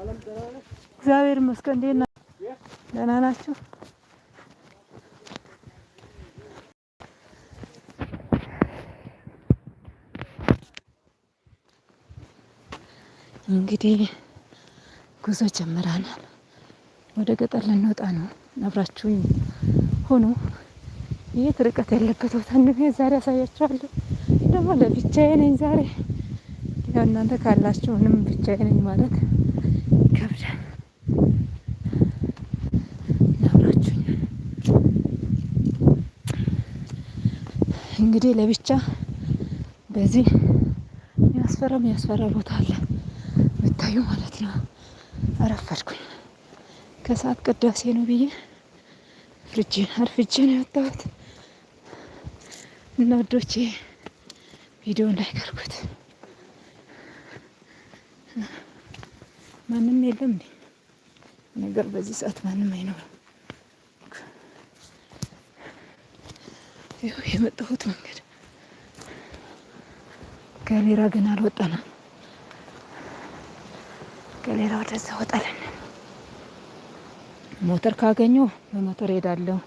እግዚአብሔር ይመስገን። እንዴት ናችሁ? ደህና ናችሁ? እንግዲህ ጉዞ ጀምረናል። ወደ ገጠር ልንወጣ ነው። አብራችሁኝ ሆኖ የት ርቀት ያለበት ቦታ እንደሚያ ዛሬ አሳያችኋለሁ። ደግሞ ለብቻዬ ነኝ ዛሬ። ያው እናንተ ካላችሁ ምንም ብቻዬ ነኝ ማለት ይከብዳል። እንግዲህ ለብቻ በዚህ ያስፈራ የሚያስፈራ ቦታ አለ ብታዩ ማለት ነው። አረፈድኩኝ። ከሰዓት ቅዳሴ ነው ብዬ ፍርጄ አርፍጄ ነው የወጣሁት እና ወዶቼ ቪዲዮ እንዳይቀርቡት ማንም የለም እንዴ? ነገር በዚህ ሰዓት ማንም አይኖርም። ይኸው የመጣሁት መንገድ ከሌላ ግን አልወጣና ከሌላ ወደዛ ወጣለን። ሞተር ካገኘው በሞተር ሄዳለሁ።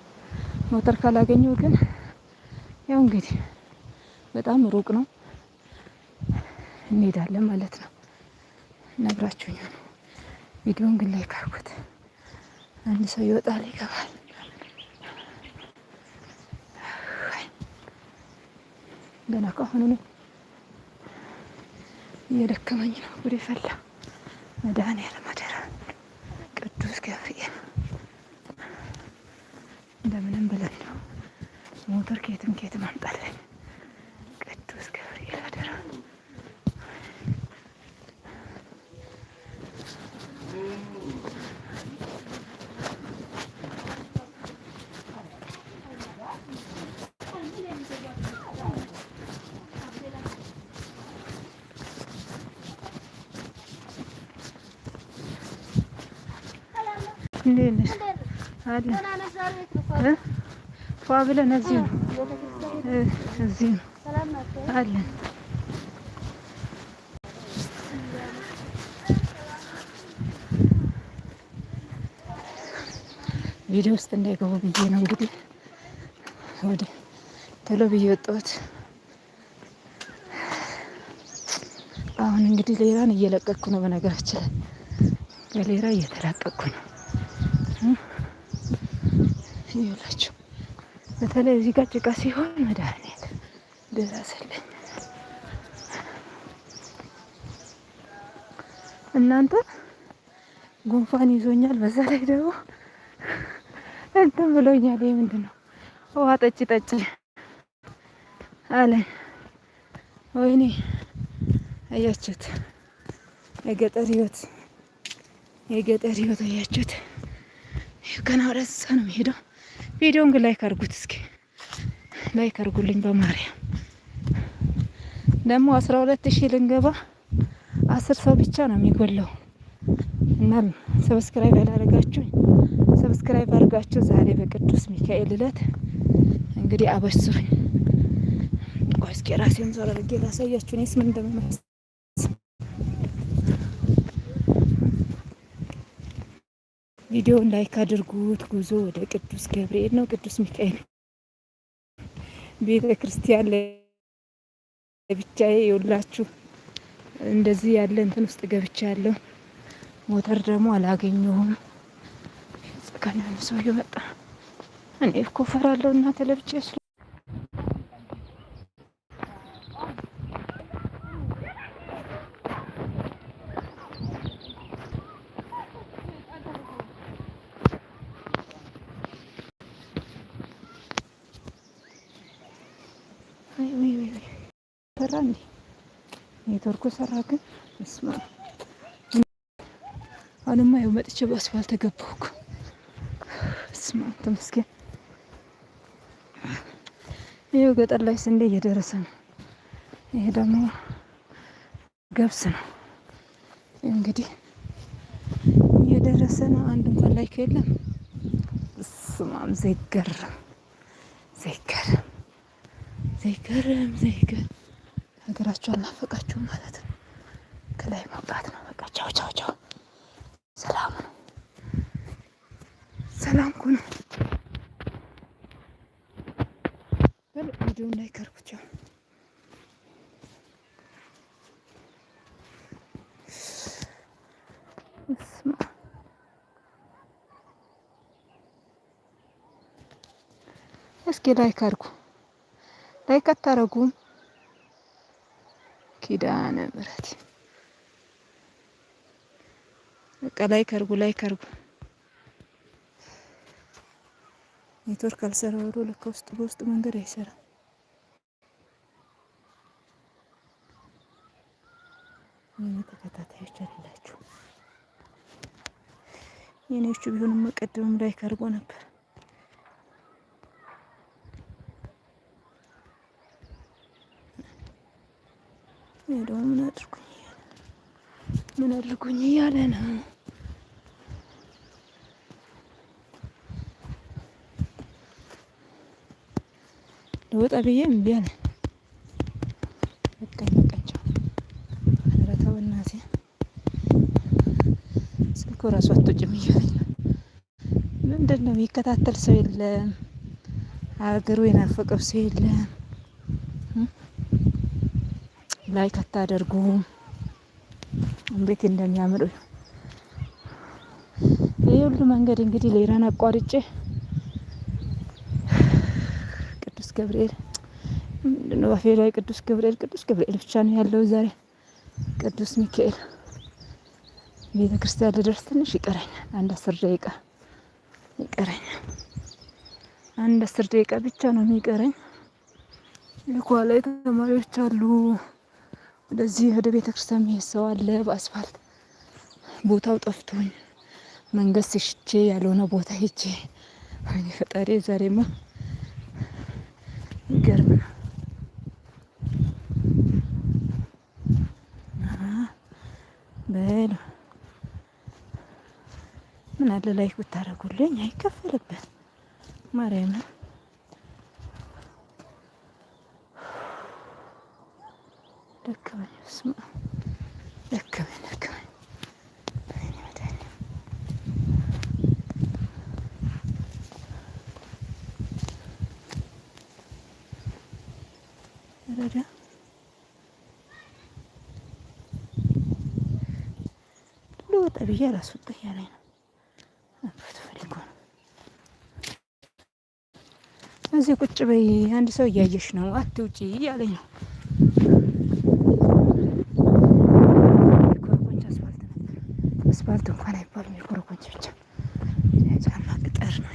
ሞተር ካላገኘው ግን ያው እንግዲህ በጣም ሩቅ ነው፣ እንሄዳለን ማለት ነው። ነግራችሁኛል። ቪዲዮን ግን ላይክ አድርጉት። አንድ ሰው ይወጣል ይገባል። ገና ከአሁኑ ነው እየደከመኝ ነው። ጉድ ፈላ። መድኃኔዓለም አደራ ቅዱስ ገብርኤል እንደምንም ብለን ነው ሞተር ኬትም ኬትም አምጣለኝ። እንዴት ነሽ? አለን ፏ ብለን እዚህ ነው እዚህ ነው አለን። ቪዲዮ ውስጥ እንዳይገቡ ብዬ ነው እንግዲህ ወደ ቶሎ ብዬ ወጣሁት። አሁን እንግዲህ ሌላን እየለቀቅኩ ነው። በነገራችን ላይ ከሌላ እየተላቀቅኩ ነው። ነው ያላችሁ። በተለይ እዚህ ጋር ጭቃ ሲሆን መድኃኒት ድረስልኝ። እናንተ ጉንፋን ይዞኛል፣ በዛ ላይ ደግሞ እንትን ብሎኛል። ይህ ምንድን ነው? ውሃ ጠጭ ጠጭ አለኝ። ወይኔ አያችሁት፣ የገጠር ህይወት የገጠር ህይወት አያችሁት። ከናረሳ ነው የሚሄደው ቪዲዮን ግን ላይክ አርጉት፣ እስኪ ላይክ አርጉልኝ። በማርያም ደግሞ አስራ ሁለት ሺህ ልንገባ አስር ሰው ብቻ ነው የሚጎለው እናም ሰብስክራይብ ያላደረጋችሁ ሰብስክራይብ አርጋችሁ ዛሬ በቅዱስ ሚካኤል እለት እንግዲህ አበሱኝ። ቆይ እስኪ ራሴን ዞር አድርጌ ላሳያችሁ እኔስ ምን እንደምመስል ቪዲዮ ላይክ አድርጉት። ጉዞ ወደ ቅዱስ ገብርኤል ነው ቅዱስ ሚካኤል ቤተ ክርስቲያን ለብቻዬ የውላችሁ እንደዚህ ያለ እንትን ውስጥ ገብቻ ያለው ሞተር ደግሞ አላገኘሁም። ጸጋና ነው ሰው ይወጣ እኔ እኮ ፈራለሁ ተለብጬ ኔትወርኩ ሰራ ግን ስማ፣ አሁንማ ይኸው መጥቼ በአስፋልት ገባሁ ስማ፣ ተመስገን። ይኸው ገጠር ላይ ስንዴ እየደረሰ ነው። ይሄ ደግሞ ገብስ ነው። እንግዲህ እየደረሰ ነው። አንድ እንኳን ላይክ የለም። ስማም ዘይገርም ዘይገርም ዘይገርም ዘይገርም ሀገራችሁ አልናፈቃችሁም ማለት ነው። ከላይ መውጣት ነው በቃ። ቻው ቻው ቻው። ሰላም ነው፣ ሰላም ኩኑ። በል ቪዲዮ ላይ ቻው እስኪ ላይክ አድርጉ። ላይክ አታረጉም? ኪዳነ ምሕረት በቃ ላይ ከርጉ ላይ ከርጉ ኔትወርክ አልሰራ ብሎ ለካ ውስጥ በውስጥ መንገድ አይሰራም። የኔ ተከታታዮች አይደላችሁ የኔዎቹ ቢሆንም መቀደምም ላይ ከርጎ ነበር። አድርጉኝ እያለ ነው። ለወጣ ብዬ እምቢ አለ። በቃኝ በቃቸው። ኧረ ተው እናቴ ስልኩ ራሱ አትወጭም እያለኝ ምንድን ነው የሚከታተል ሰው የለም፣ አገሩ የናፈቀው ሰው የለም። ላይክ አታደርጉም። እንዴት እንደሚያምር ይህ ሁሉ መንገድ እንግዲህ ሌላን አቋርጬ ቅዱስ ገብርኤል ምንድነው ባፌ ላይ ቅዱስ ገብርኤል ቅዱስ ገብርኤል ብቻ ነው ያለው ዛሬ ቅዱስ ሚካኤል ቤተ ክርስቲያን ልደርስ ትንሽ ይቀረኛል። አንድ አስር ደቂቃ ይቀረኛል። አንድ አስር ደቂቃ ብቻ ነው የሚቀረኝ። ልኳ ላይ ተማሪዎች አሉ። ወደዚህ ወደ ቤተ ክርስቲያን መሄድ ሰው አለ። በአስፋልት ቦታው ጠፍቶኝ መንገድ ስሽቼ ያልሆነ ቦታ ሄቼ ወይኔ ፈጣሪ ዛሬማ ይገርም በል ምን አለ ላይክ ብታደርጉልኝ አይከፈልብን ማርያምን ደከመኝ፣ በስመ ደከመኝ፣ ደከመኝ። ቶሎ ብዬ አላስወጣ እያለኝ ነው። እዚህ ቁጭ በይ፣ አንድ ሰው እያየሽ ነው፣ አትውጪ እያለኝ ነው። አስፋልት እንኳን አይባልም። የኮረኮንች ብቻ ጫማ ቅጠር ነው።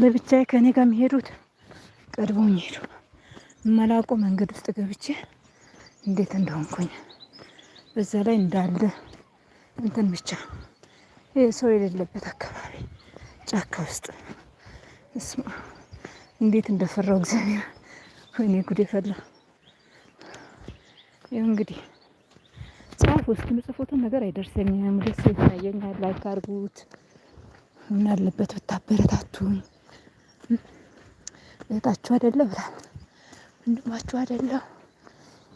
ለብቻ ከእኔ ጋር የሚሄዱት ቀድሞኝ ሄዱ። መላቆ መንገድ ውስጥ ገብቼ እንዴት እንደሆንኩኝ በዛ ላይ እንዳለ እንትን ብቻ ይህ ሰው የሌለበት አካባቢ ጫካ ውስጥ እስማ እንዴት እንደፈራው እግዚአብሔር! ወይኔ ጉድ ፈላ። ይሁ እንግዲህ እስኪ ምጽፎትን ነገር አይደርሰኝም። ደስ ይታየኛል። ላይክ አድርጉት። ምን አለበት ብታበረታቱኝ። እህታችሁ አይደለ ብላ ወንድማችሁ አይደለ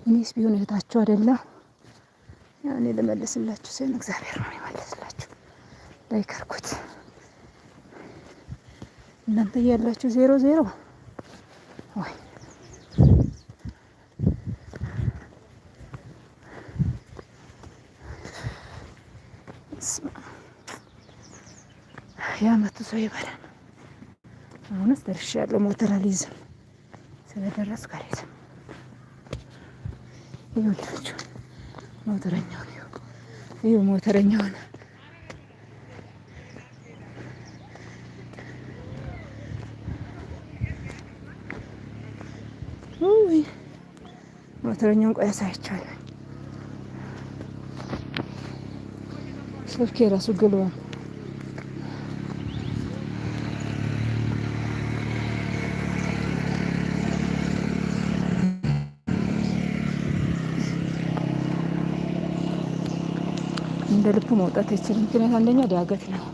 እኔስ ቢሆን እህታችሁ አይደለ። ያው እኔ ልመልስላችሁ ሳይሆን እግዚአብሔር ነው ይመልስላችሁ። ላይክ አድርጉት። እናንተ ያላችሁ ዜሮ ዜሮ ወይ ስንት ሰው ይበላል። አሁንስ ያለው ሞተር አልይዝም። ስለደረስ አልይዝም። ይኸውላችሁ ሞተረኛውን ይኸው ሞተረኛውን ሞተረኛውን ቆይ አሳያቸዋለሁ። ስልኬ ራሱ ግልባል እንደ ልቡ መውጣት አይችልም። ምክንያት አንደኛ ዳገት ነው።